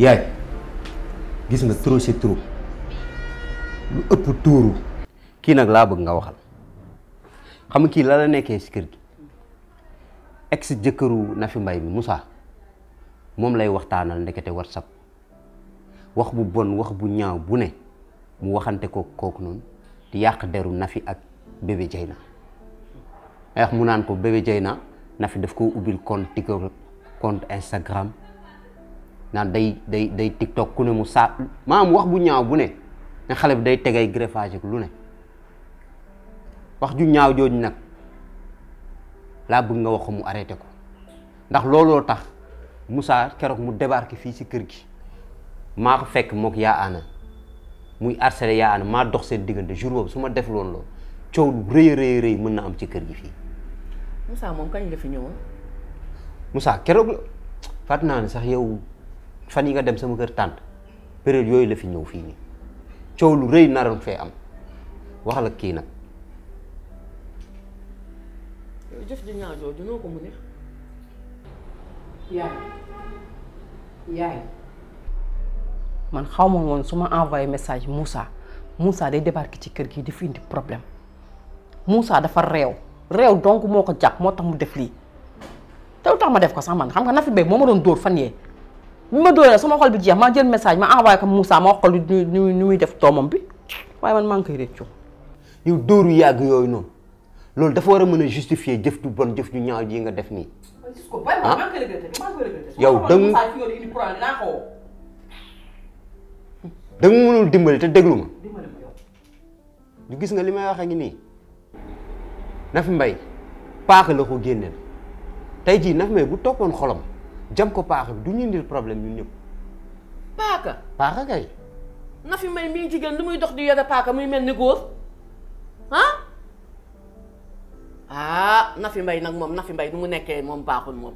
yaay gis nga trop c'est trop lu ëpp touru kii nag laa bëgg nga waxal xam la la nekkee si kër gi ex jëkkëru Nafi Mbay mi Moussa moom lay waxtaanal ndekete whatsapp wax bu bon wax bu ñaaw bu ne mu waxante ko kooku noonu di yàq deru Nafi ak bébé Dieyna wax mu naan ko bébé Nafi daf ko ubbil compte TikTok compte Instagram naan day day day tiktok ku ne mu saa maanaam wax bu ñaaw bu ne ne xale bi day tegay greffage ak lu ne wax ju ñaaw jooju nag laa bëgg nga wax ko mu arrêté ko ndax looloo tax Moussa keroog mu débarqué fii ci kër gi maa fekk mook yaa aana muy harcelé yaa dox seen diggante jour boobu def loon loolu coow mën na am ci kër gi fii. Moussa moom kañ fi ñëwoon. Moussa keroog sax yow. fani nga dem sama kër tànn période yoy la fi ñew fi ni ciow lu reuy naroon fe am waxal ak ki nak jëf ji ñaan jooju noo mu neex yaay yaay man xawma won suma envoyer message Moussa Moussa day débarqué ci kër gi di fi indi problème Moussa dafa rew rew donc moko japp motax mu def li taw tax ma def ko sax man xam nga Nafi Bey moo ma doon door fan yee bi ma dóoree sama xol bi jeex ma jël message ma envoyé ko Moussa ma xol ni ni nu nu muy def doomam bi way man maa ngi koy réccu yow dooru yag yoy non lolou dafa wara meuna justifier jëf ju bon jëf ju ñaaw ji nga def ni yow dang danga mënul dimbali te degluma du gis nga limay waxe ngi ni naf mbay paaka la ko gennel tay ji naf Mbaye bu topone xolam. jam ko paaka bi du ñu indil problème ñun ñëpp. paaka paaka kay. na fi may mii jigéen lu muy dox di yore paaka muy mel ni góor ah. ah Nafi Mbaye nag moom Nafi mbay nu mu nekkee moom baaxul moom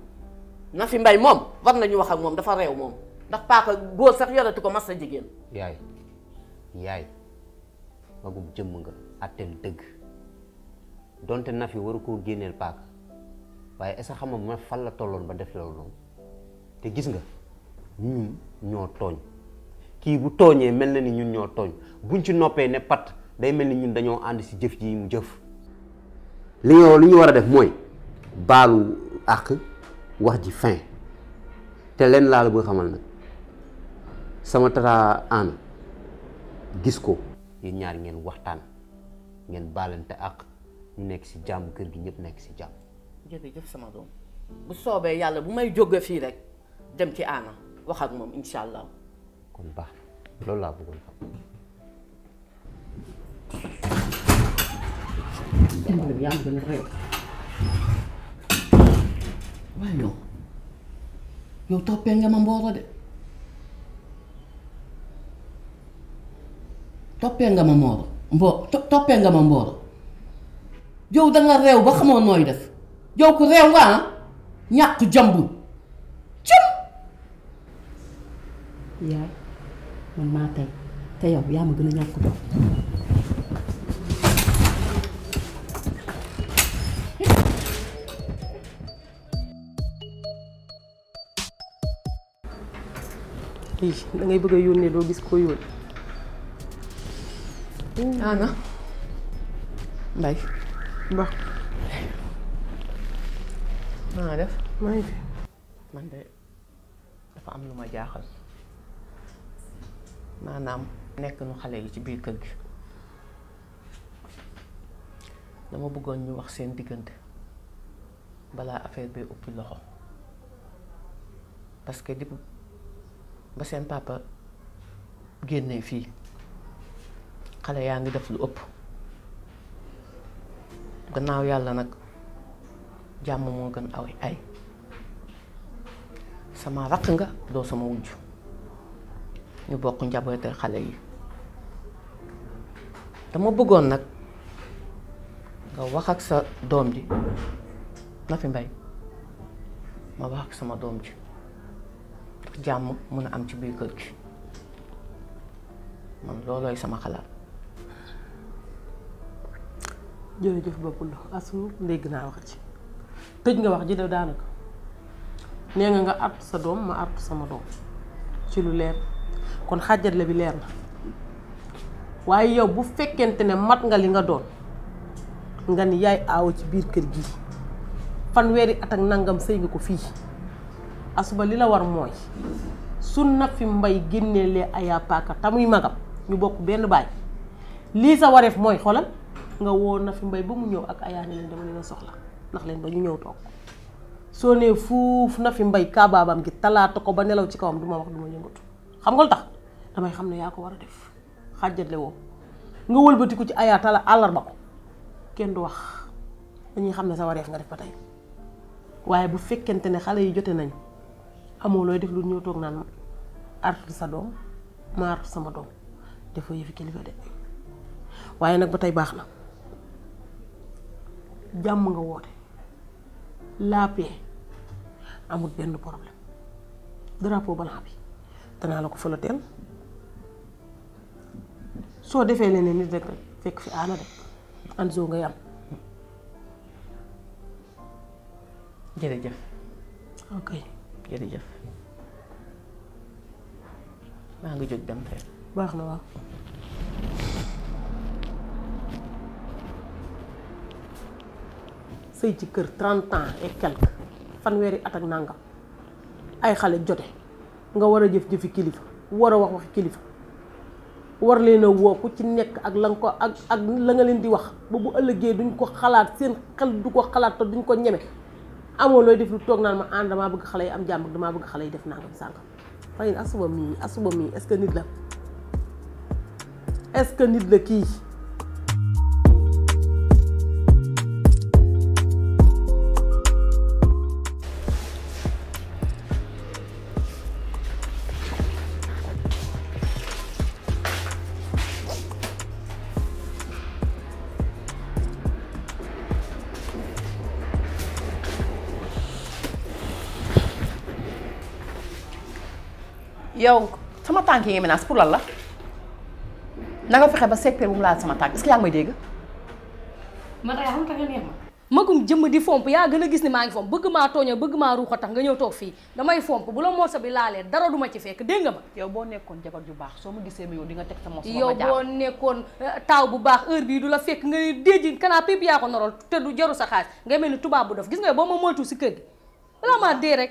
Nafi Mbaye moom war nañu wax ak moom dafa réew moom ndax paaka góor sax yoratu ko mas sa jigéen. yaay yaay magum jëmm nga àtteel dëgg donte Nafi waru koo génneel paaka waaye est-ce que ma fan la tolloon ba def loolu noonu. te gis nga ñun ñoo tooñ kii bu tooñee mel na ni ñun ñoo tooñ buñ ci noppee ne pat day mel ni ñun dañoo ànd si jëf ji mu jëf li li ñu war a def mooy baalu àq wax ji fin te leen laal la xamal nag sama tata ana gis ko yéen ñaar ngeen waxtaan ngeen baalante àq ñu nekk si jàmm kër gi ñëpp nekk si jàmm bu soobee yàlla bu may jóge fii rek dem ci aana wax ak moom insha allah. kon baax loolu laa bëggoon xam. yow toppee nga ma mbooro de toppee nga ma mbooro mbo toppee nga ma mbooro yow da nga ba xamoo nooy def yow ku réew nga ah, ñàkk jambul yaay man maa tey te yow yaa ma gën a ñàkk doom lii da bëgg a yónnee doo gis ko yónnee ana mbay mbax naa def maa ngi man de dafa am lu ma jaaxal maanaam nekk nu xale yi ci biir kër gi dama bëggoon ñu wax seen diggante balaa affaire bi uppi loxo parce que di ba seen papa génnee fii xale yaa ngi def lu ëpp gannaaw yàlla nag jàmm moo gën aw ay sama raq nga doo sama wujj ñu bokk njabootal xale yi dama bëggoon nag nga wax ak sa doom ji na fi mbay ma wax ak sama doom ji ndax jàmm mun a am ci biir kër gi man looloy sama xalaat jërëjëf boppul asu dégg naa wax ci tëj nga wax ji da daanaka nee nga nga at sa doom ma at sama doom ci lu leer kon xàjjatle bi leer na waaye yow bu fekkente ne mat nga li nga doon nga ni yaay aawa ci biir kër gi fanweeri at ak nangam sëy nga ko fii asuba li la war mooy su na fi mbay génnee lee ayaa paaka tamuy magam ñu bokk benn baay lii sa wareef mooy xolal nga woo na fi mbay ba mu ñëw ak ayaa ne leen dama leen soxla ndax leen ba ñu ñëw toog soo nee fuuf nafi fi mbay kaabaabam gi talaata ko ba nelaw ci kawam du ma wax du ma xam nga lu tax damay xam ne yaa ko war def xàjjatle wo nga ku ci ayaatala alar bako ken du wax dañuy xam ne sa wareef nga def ba waye bu fekente ne xalé yi joté nañ amo loy def lu ñu tok nan artu sa dom mar sama dom defo yefi kilifa de waye nak batay baxna jam nga wote la paix benn problème drapeau blanc bi la soo defee leneen nit rek rek fekk fi aana rek an zoo ngay am. jërëjëf. ok jërëjëf. maa ngi jóg dem tey. baax na waaw. sëy ci kër 30 ans et quelque fanweeri at ak nangam ay xale jote nga war a jëf jëfi kilifa war a wax waxi kilifa. war leen a woo ku ci nekk ak la ko ak ak la nga leen di wax ba bu ëllëgee duñ ko xalaat seen xel du ko xalaat te duñ ko ñeme amoo looy def lu toog naan ma an ah, damaa bëgg xale yi am jàmm damaa bëgg xale yi def nangam sàngam fayin asuba mii asuba mii est-ce que nit la est-ce que nit la kii yow sama tànk yi nga menace pour lan la na nga fexé ba secteur bu mu laal sama tànk est-ce que may dégg. ma tay xam nga neex ma. magum jëm di fomp ya gëna gis ni ma ngi fomp bëgg ma tooñoo bëgg ma ruxa tax nga ñëw tok fi damay fomp bu la morso bi laalé dara duma ci fekk dégg nga ma. yow bo nekkon jabar ju baax so ma gisé ma yow di nga tek sa morso ma yow bo nekkon eh, taw bu baax heure bi du la fekk nga déjji kanaa pépp ya ko norol te du jëru sa xaar nga melni tuba bu def gis nga bo ma moytu ci kër gi la ma dé rek.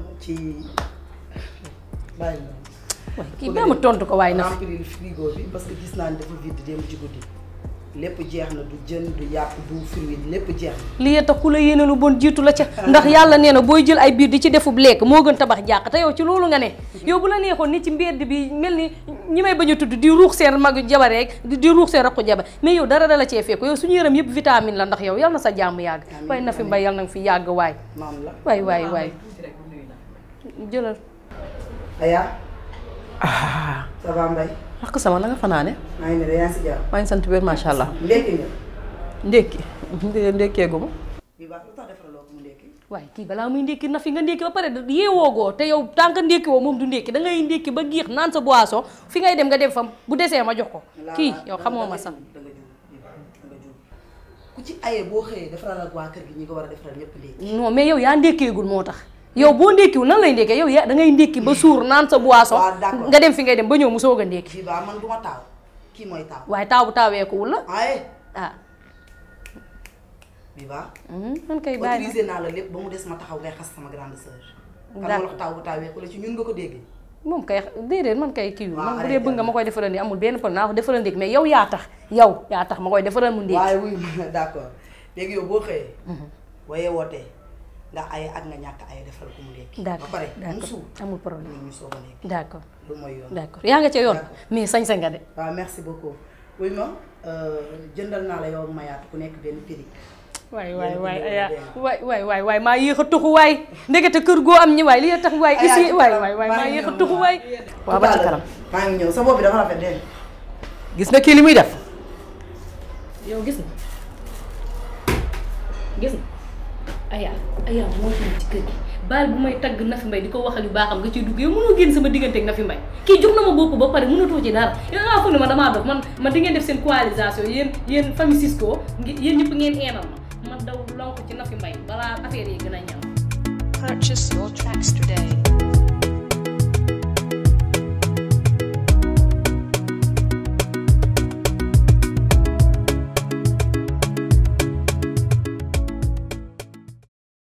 ci kii ba mu tontu ko waaye na remplir frigo parce que gis naa ne lépp jeex na du jën du li tax ku la yéene lu bon jiitu la ca ah. ndax yàlla nee na booy jël ay biir di ci defub lekk moo gën tabax jàq te yow ci loolu nga ne yow bu la neexoon ni ci mbedd bi mel ni ñi may bañ a tudd di ruux seen magu jabar rek di ruux seen rakku jabar mais yow dara dala cee fekk yow suñu yaram yëpp vitamine la ndax yow yal na sa jàmm yàgg waaye na fi mbay yal na fi yàgg waay waay waay waay jëlal. Aya. ah. ça va sama na nga fanaane. maa ne yaa ngi si sant wér macha allah. ndekki nga. ndekki ndekkee gu ma. bii tax defaloo ko mu ndekki. waaye kii balaa muy ndekki na fi nga ndekki ba pare yeewoo goo te yow tant que ndekki woo moom du ndekki da ngay ndekki ba géex naan sa boisson fi ngay dem nga dem fam bu desee ma jox ko. kii yow xamoo ma sax. ku ci aye boo xëyee defaral gi ñi ko war a defaral ñëpp mais yow yaa ndekkeegul moo tax yow boo ndékkiwul nan lay ndékkee yow ya da ngay ndékki ba suur naan sa boisson nga dem fi ngay dem ba ñëw mu soog a ndékki man du ma taaw kii mooy taaw waaye taaw bu taawee ko wul la ah Biba. Hmm, man kay bàyyi autorisé naa la lépp ba mu des ma taxaw ngay xas sama grande sœur. d'accord xam taw bu tawee wala ci ñun nga ko déggee. moom kay déedéet man kay kii man bu dee bëgg nga ma koy defaral amul benn problème naa ko defaral ndékki mais yow yaa tax yow yaa tax ma koy defaral mu ndékki. waaye wuy léegi yow boo xëyee. waaye mhm. wootee. ndax ay ak nga ñàkk ay defal ko amul problème ñu soog a lekk. d' accord loolu mooy yoon. d' accord yaa nga ca yoon mais sañ-sañ nga de. waaw merci beaucoup wuy ma euh, jëndal naa la yow mayaat ku nekk benn waay waay waay waay maa yéex a tuxu waay ndekete kër goo am ñi waay li tax waay ici waay waay waay maa yéex a tuxu waay waaw ba ci kanam maa ngi ñëw sa bopp bi dafa rafet de gis na kii li muy def yow gis na Aya Aya moo tax ci kër gi baal bu may tagg Nafi Mbaye di ko waxal yu baaxam nga ciy dugg yow mënoo génn sama diggante ak Nafi Mbaye kii jox na ma bopp ba pare mënatoo ci dara yow dangaa foog ne ma damaa dof man man di ngeen def seen coalisation yéen yéen famille Cisco yéen ñëpp ngeen eenal ma man daw lonk ci Nafi Mbaye balaa affaire yi gën a ñaaw. Purchase your tracks today.